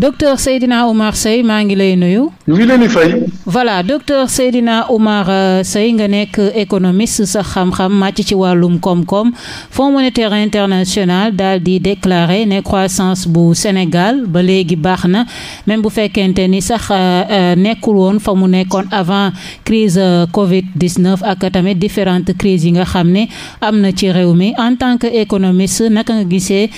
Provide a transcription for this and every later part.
docteur Seydina Oumar Seye maa ngi lay nuyu. ñu ngi leen di fay. voilà docteur Seydina Oumar euh, Seye nga nekk économiste sa xam-xam màcc ci wàllum koom-koom Fonds monétaire international daal di déclarer ne croissance bu Sénégal ba léegi baax na même bu fekkente ni sax euh, euh, nekkul woon fa mu nekkoon avant crise Covid 19 ak tamit différentes crises yi nga xam ne am na ci réew mi en tant que économiste naka nga gisee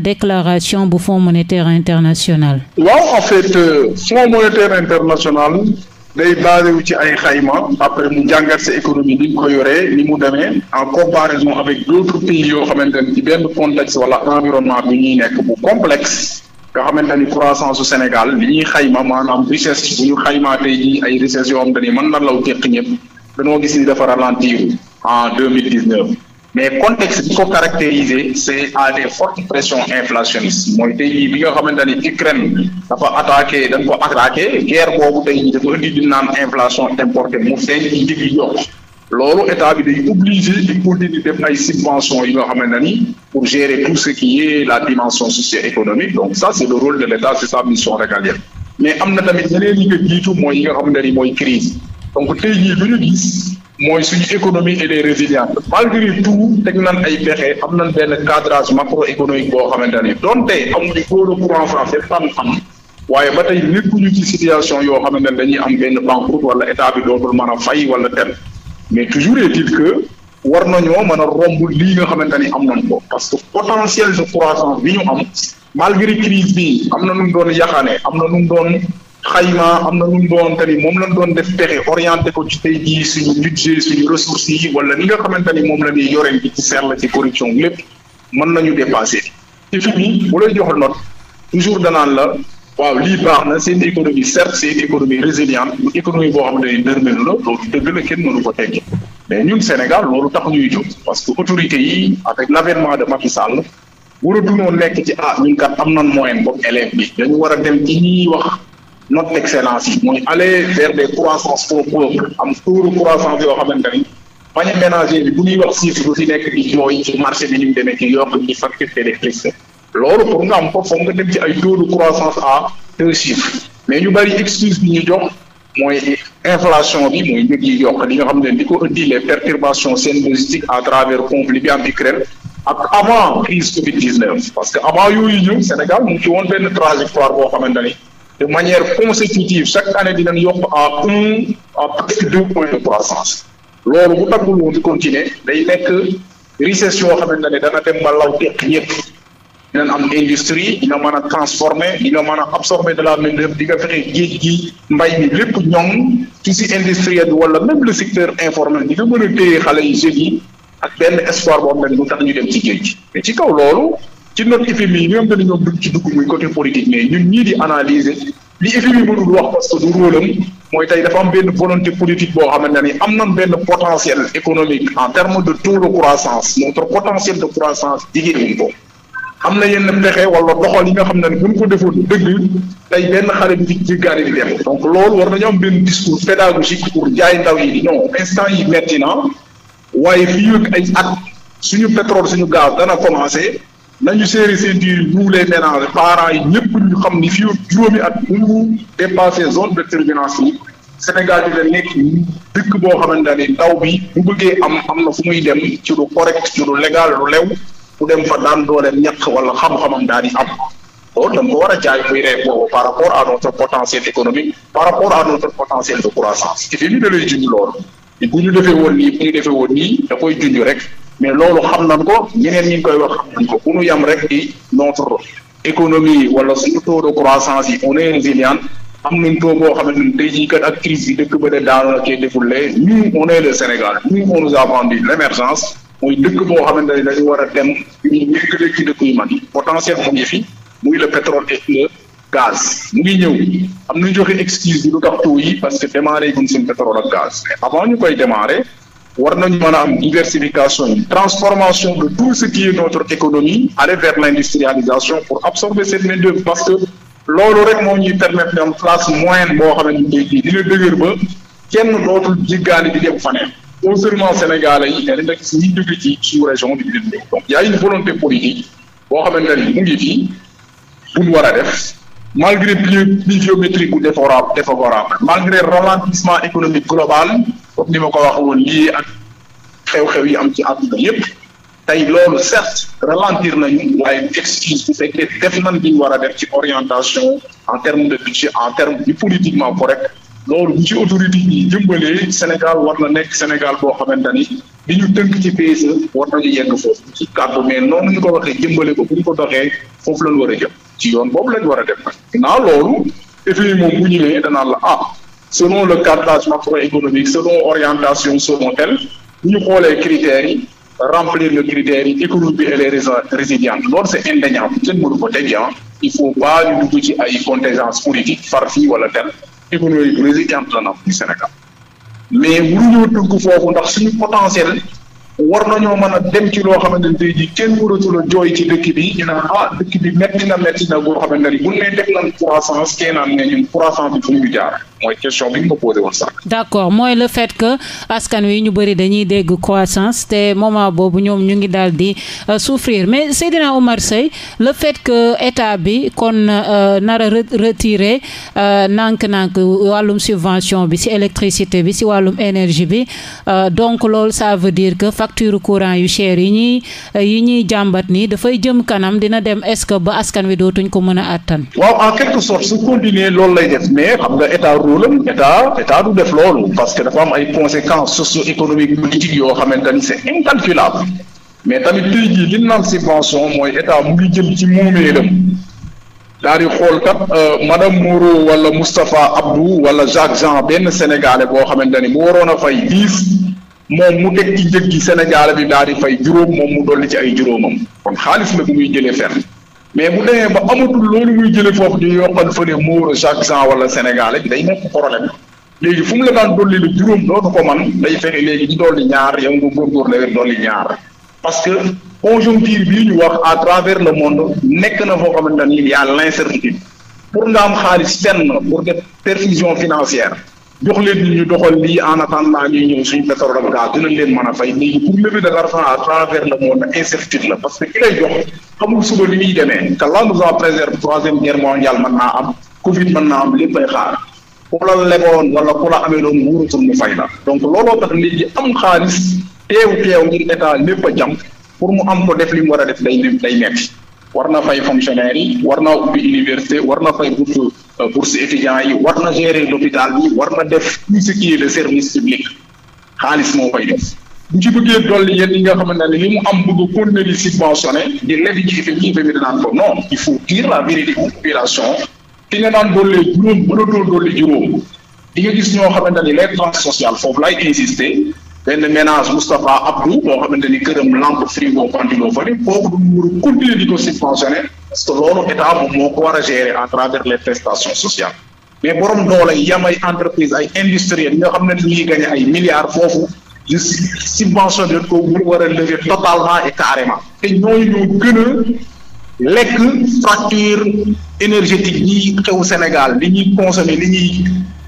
déclaration bu Fonds monétaire international. waaw en fait euh, Fonds monétaire international day basé ci ay xayma après mu jàngat sa économie ni ñu ko yoree ni mu demee en comparaison avec d' autres yoo xamante ne ci benn contexte wala environnement bi ñuy nekk bu complexe nga xamante ni croissance su Sénégal li ñuy xayma maanaam richesse bu ñu xaymaa tey ay richesse yoo xam te ni mën na law teq ñëpp dañoo gis ni dafa ralentir en deux mille mais contexte bi ko caractériser c'est à des fortes pressions inflationnistes mooy tey jii bi nga xamante ni Ukraine dafa attaqué dañ ko attaqué guerre boobu tey jii dafa indi di naan inflation importée mu feeñ ci njëg yi loolu état bi day obligé di continuer def ay subventions yi nga xamante ni pour gérer tout ce qui est la dimension socio-économique donc ça c'est le rôle de l'État c'est sa mais am na tamit yeneen yi nga jiitu mooy yi nga xamante mooy crise mooy suñu économie elle est résiliente malgré tout teg nañ ay pexe am nañ benn cadrage macroéconomique boo xamante ne donte amuñu taux de croissance am waaye ba tey nekkuñu ci situation yoo xamante ne dañuy am benn banqueroute wala état bi dootul mën a fay wala dem mais toujours est-il que war nañoo mën a romb ni am nañ ko parce que potentiel de croissance am malgré na nu mu doon yaxaane am na nu mu doon xayma am na lu mu doon te ni moom lañ doon def pexe orienté ko ci tey jii suñu budget suñu ressources yi wala li nga xamante ni moom la ñuy yoreen bi ci seer la ci corruption lépp mën nañu dépassé ci fi mi bu lay jox note toujours danaan la waaw lii baax na seen économie certes c'est une économie résiliente une économie boo xam ne ndërmelu la loolu dëgg la kenn mënu ko tekki mais ñun Sénégal loolu tax ñuy jóg parce que autorités yi avec l'avènement de Macky Sall waratuñoo nekk ci ah ñun am nañ moyen bopp élève bi dañu war a dem ci ñuy wax notre excellence yi mooy aller vers des croissances pro peuple am tuuru croissance yoo xamante ni bañ a bi bu ñuy wax chiffre bu nekk di jooy ci marché bi ni mu demee ci yokk ñi dem ci ay taux de mais ñu bari excuse bi ñu jox mooy inflation bi mooy njëg yi yokk li nga xam ne di ko di les perturbations seen logistique à travers conflit bi am Ukraine ak avant crise Covid 19 parce que avant yooyu ñëw Sénégal mu ngi ci woon benn trajectoire boo xamante ni de manière consécutive chaque année dinañ yokk en un en presque deux points de croissance loolu bu taggul woon di continuer day nekk récession yoo xamante ne dana dem ba law teq ñëpp dinañ am industrie dina mën a transformer dina mën a absorber de la main d'œuvre di nga fexe géej gi mbay mi lépp ñoom tissu industriel bi wala même le secteur informel di nga mën a téye xale yi jeunes yi ak benn espoir boobu xam ne du tax ñu dem ci géej gi ci kaw loolu ci note IFM yi ñoom dañu ñoom dugg ci dugg muy côté politique mais ñun ñii di analyser li IFM yi mënul wax parce que du rôlam mooy tey dafa am benn volonté politique boo xamante ni am nañ benn potentiel économique en terme de taux de croissance notre potentiel de croissance jigéen wuñ ko am na yenn pexe wala doxal yi nga xam ne bu ñu ko defoon dëgg tey benn xale bi ci jéggaani di dem donc loolu war nañu am benn discours pédagogique ndaw yi di ñëw instant yi metti na waaye fii ak ay at suñu pétrole suñu gaz dana commencé nañu serré seen diir nous les ménages parents yi ñëpp ñu xam ni fii juróomi at bu ñu dépassé zone de turbulence yi Sénégal dina nekk dëkk boo xamante ne ndaw bi bu bëggee am am na fu muy dem ci lu correct ci lu légal lu lew mu dem fa daan dooleem ñàkk wala xam-xamam daal di am loolu da nga ko war a jaay muy ree par rapport à notre potentiel économique par rapport à notre potentiel de croissance ci fi ñu da lay junj loolu bu ñu defee woon nii bu ñu defee da koy junj rek. mais loolu xam nañ ko ñeneen ñi ngi koy wax xam nañ ko bu ñu yam rek ci notre économie wala suñu taux de croissance yi on est résilient am nañ taux boo xamante ni tey jii kat bi dëkk ba de daanoo deful lee ñun on est le Sénégal ñun on nous a vendu l'émergence dëkk boo xamante ne dañu war a dem ñu yëkkale ci dëkk yu mag potentiel mu ngi fi muy le pétrole et le gaz mu ngi ñëw am nu nañu joxe excuse bi lu tax taux yi parce que démarré guñ seen pétrole ak gaz avant ñu koy démarré war nañu mën a am diversification yi transformation de tout ce qui est notre économie aller vers l'industrialisation pour absorber cette main parce que loolu rek moo ñuy permettre ñoom classe moyenne boo xamante ni tey jii dina dëgër ba kenn dootul jiggaani di dem faneen non seulement sénégalais yi mais dañ rek si ñuy jóge ci sous région di dem donc y a une volonté politique boo xamante ne mu ngi fii bu ñu war a def malgré pluie pluviométrique ou défavorable défavorable malgré ralentissement économique global comme ni ma ko wax waxoon lii ak xew-xew yi am ci àdduna yépp tey loolu certes ralentir nañu waaye excuse bu fekkee def nan li ñu war a def ci orientation en terme de budget en terme du politiquement correct loolu bu ci autorité yi jëmbalee Sénégal war na nekk Sénégal boo xamante ni li ñu tënk ci PSE war nañu yegg foofu ci kàddu mais noonu ñu ko waxee jëmbale ko bu ñu ko doxee foofu lañ war a jëm ci yoon boobu lañ war a def nag ginnaaw loolu effet la ah, selon le cadrage macroéconomique selon orientation selon tel bu ñu xoole critères yi remplir le critère yi économie bi elle est résiliente loolu c'est indéniable kenn mënu ko teggi ah. il faut pas ñu dugg ci ay contingence politique par fii wala tel économie bi résiliente la na du Sénégal mais mënuñoo tënk foofu ndax suñu potentiel war nañoo mën a dem ci loo xamante ne ci dëkk bi ñu naan ah dëkk bi métti na métti na boo xamante ne bu nee def nañ croissance kee mooy accord mooy le fait que askan wi ñu bëri dañuy dégg croissance te moment boobu ñoom ñu ngi daal di euh, souffrir mais Seydina Oumar Seye le fait que état bi kon euh, nar a retirer euh, nànk-nànk wàllum subvention bi si électricité bi si wàllum énergie bi donc loolu ça veut dire que. facture courant yu cher yi ñuy yi ñuy jàmbat nii dafay jëm kanam dina dem est-ce que ba askan wi dootuñ ko mën a àttan. waaw en quelque sorte su continuer loolu lay def mais xam nga état rôlam état état du def loolu parce que dafa am ay conséquences socio-économiques politiques yoo xamante ni c'est incalculable mais tamit tey jii li naan subvention mooy état mu ngi jël ci moomeelam daal di xool kat euh, madame Moreau wala Moustapha Abdou wala Jacques Jean benn sénégalais boo xamante ni mu waroon moom mu teg ci njëg gi Sénégal bi daal di fay juróom moom mu dolli ci ay juróomam kon xaalis la bu muy jëlee fenn mais bu demee ba amatul loolu muy jëlee foofu ñu yokkal fële Moro chaque cent wala Sénégal bi day nekk problème léegi fu mu la daan dolli lu juróom dootu ko man day fexe léegi di dolli ñaar yow nga góorgóor la weer dolli ñaar parce que conjoncture bii ñu wax à travers le monde nekk na foo xamante ne il y a l'incertitude pour nga am xaalis fenn pou def perfusion financière jox leen ñu doxal lii en attendant ñuy ñëw suñu pétrole ak gaz dinañ leen mën a fay léegi pour lever de l'argent à travers le monde incertitude la parce que ki lay jox xamul suba ni muy demee te la nous en préserve troisième guerre mondiale mën naa am Covid mën naa am léppay xaar ku la leboon wala ku la amee doon wóorutul mu fay la donc looloo tax léegi am xaalis teew teew ngir état lépp a jam pour mu am ko def li mu war a def day day nekk na fay fonctionnaire yi war naa ubbi université na fay Euh, bourse étudiants yi war na gérer l'hôpital bi war na def tout ce qui service public xaalis moo koy def bu ci bëggee dolli yéen yi nga xamante ne li mu am bëgg continuer di subventionné di lebi ci FMI yi FMI danaan ko non il faut dire la vérité aux populations ki nga daan dollee juróom mënatoo dolli juróom di nga gis ñoo xamante ni les tranches sociales foofu lay insister benn ménage Moustapha Abdou boo xamante ni këram lampe frigo ventilo fari kooku du a continuer di ko parce que loolu état moo ko war a gérer à travers les prestations sociales mais borom doole yam ay entreprise ay industriels ñoo xam na dañuy gagné ay milliards foofu di subvention bi ko war a lever totalement et carrément te ñooñu ñoo gën a lekk fracture énergétique yi xew Sénégal li ñuy consommer li ñuy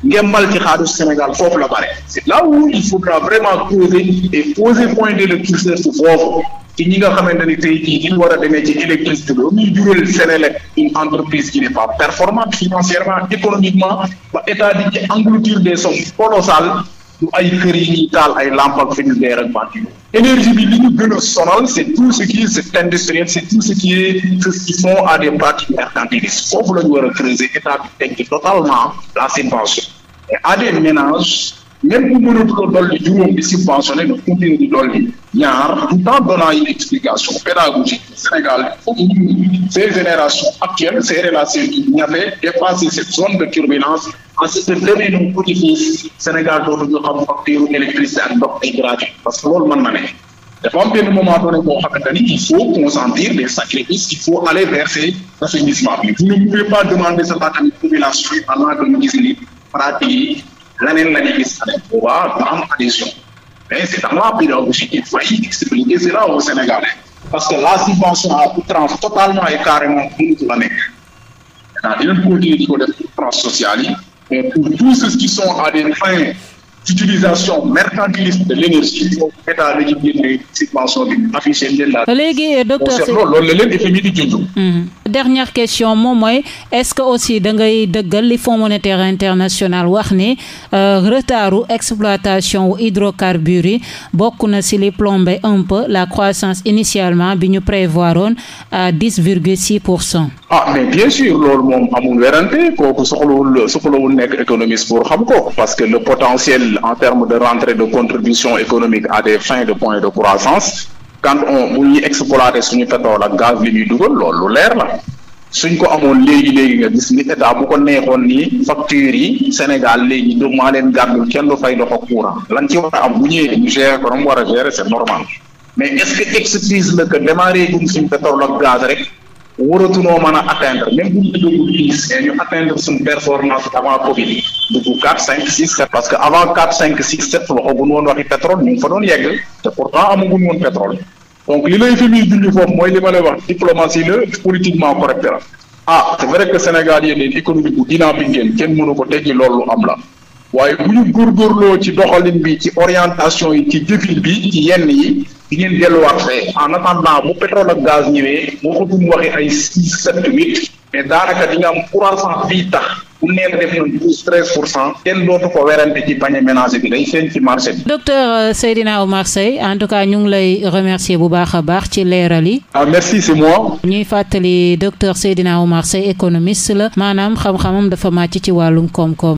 ngembal ci xaalisu Sénégal foofu la bare c'est là où il faudra vraiment poser et poser point de foofu ci ñi nga xamante ni tey jii ñu war a demee ci électricité bi muy jural Sénélec une entreprise qui n'est pas performante financièrement économiquement ba état di ci engloutir des sommes colossales du ay kër yi ñuy taal ay lampe ak ak bâtiment énergie bi li ñu gën a sonal c' est tout ce qui est c'est industriel c' est tout ce qui est ce qui font à des pratiques mercantilistes foofu la ñu a creuser état bi tekki totalement la subvention et à des ménages même bu mënatu ko dolli juróom di subventionné nga continuer di dolli ñaar tout en donnant une explication pédagogique Sénégal foog ñu ces générations actuelles ces relations yi ñafe de turbulence parce que demee nu tuuti fii Sénégal dootuñu xam facture électricité ak ndox gratuit parce que loolu man na ne dafa am benn moment donné boo xamante ni il faut consentir des sacrifices il faut aller vers ces assainissement bi vous ne pouvez pas demander ça tamit population yi pendant que ñu ni pratique yi laneen la gis anek boobaa ba am adhésion mais c'est dans la pédagogie qu'il faut expliquer cela aux Sénégalais parce que la subvention à outrance totalement et carrément mënutu la nekk maintenant dinañ yi mais pour tous ceux qui sont à des fins d'utilisation mercantiliste de l'énergie état da ci génne subvention bi affiché leen la. léegi docteur loolu la leen FMI di junj. Mm-hmm. dernière question moom mooy est-ce que aussi da ngay dëggal li Fonds monétaire international wax ni euh, retardu exploitation wu hydrocarbures yi na si li plombé un peu la croissance initialement bi ñu prévoiroon à dix virgule six pour cent. ah mais bien sûr loolu moom amul werante kooku soxlawul soxlawul nekk économiste pour xam ko parce que le potentiel en termes de rentrée de contribution économique à des fins de points de croissance. quand on bu ñuy exploiter suñu pétrole ak gaz li ñuy dugal loolu lu leer la suñ ko amoon léegi léegi nga gis ni état bu ko neexoon ni facture yi Sénégal léegi du maa leen gàddul kenn du fay dox ak courant lan ci war a am bu ñëwee ñu gérer ko mu war a gérer c'est normal mais est-ce que la que démarrer guñ suñ pétrole ak même bu ñu dugg dix mais ñu atteindre suñ que avant quatre cinq six sept waxaguñ woon waxi pétrole ñu ngi fa doon yegg te pourtant amaguñ woon pétrole. donc li lay fi muy julli foofu mooy li ma lay wax diplomatie la politiquement correcte la ah c'est vrai que Sénégal yéen leen économie bu dynamique ngeen kenn mënu ko teggi loolu am la waaye bu ñu góorgóorloo ci doxalin bi ci orientation yi ci jëfin bi ci yenn yi di ngeen delluwaat fee en attendant bu pétrole ak gaz ñëwee waxatum waxi ay six sept huit mais daanaka di nga am croissance bii tax bu neen def na pour cent kenn dootu euh, en tout cas ñu ngi lay remercier bu baax a baax ci leeral yi. ah merci c'est moi. ñuy fàttali docteur Seydina Oumar Seye la maanaam xam-xamam dafa màcc ci wàllum koom-koom.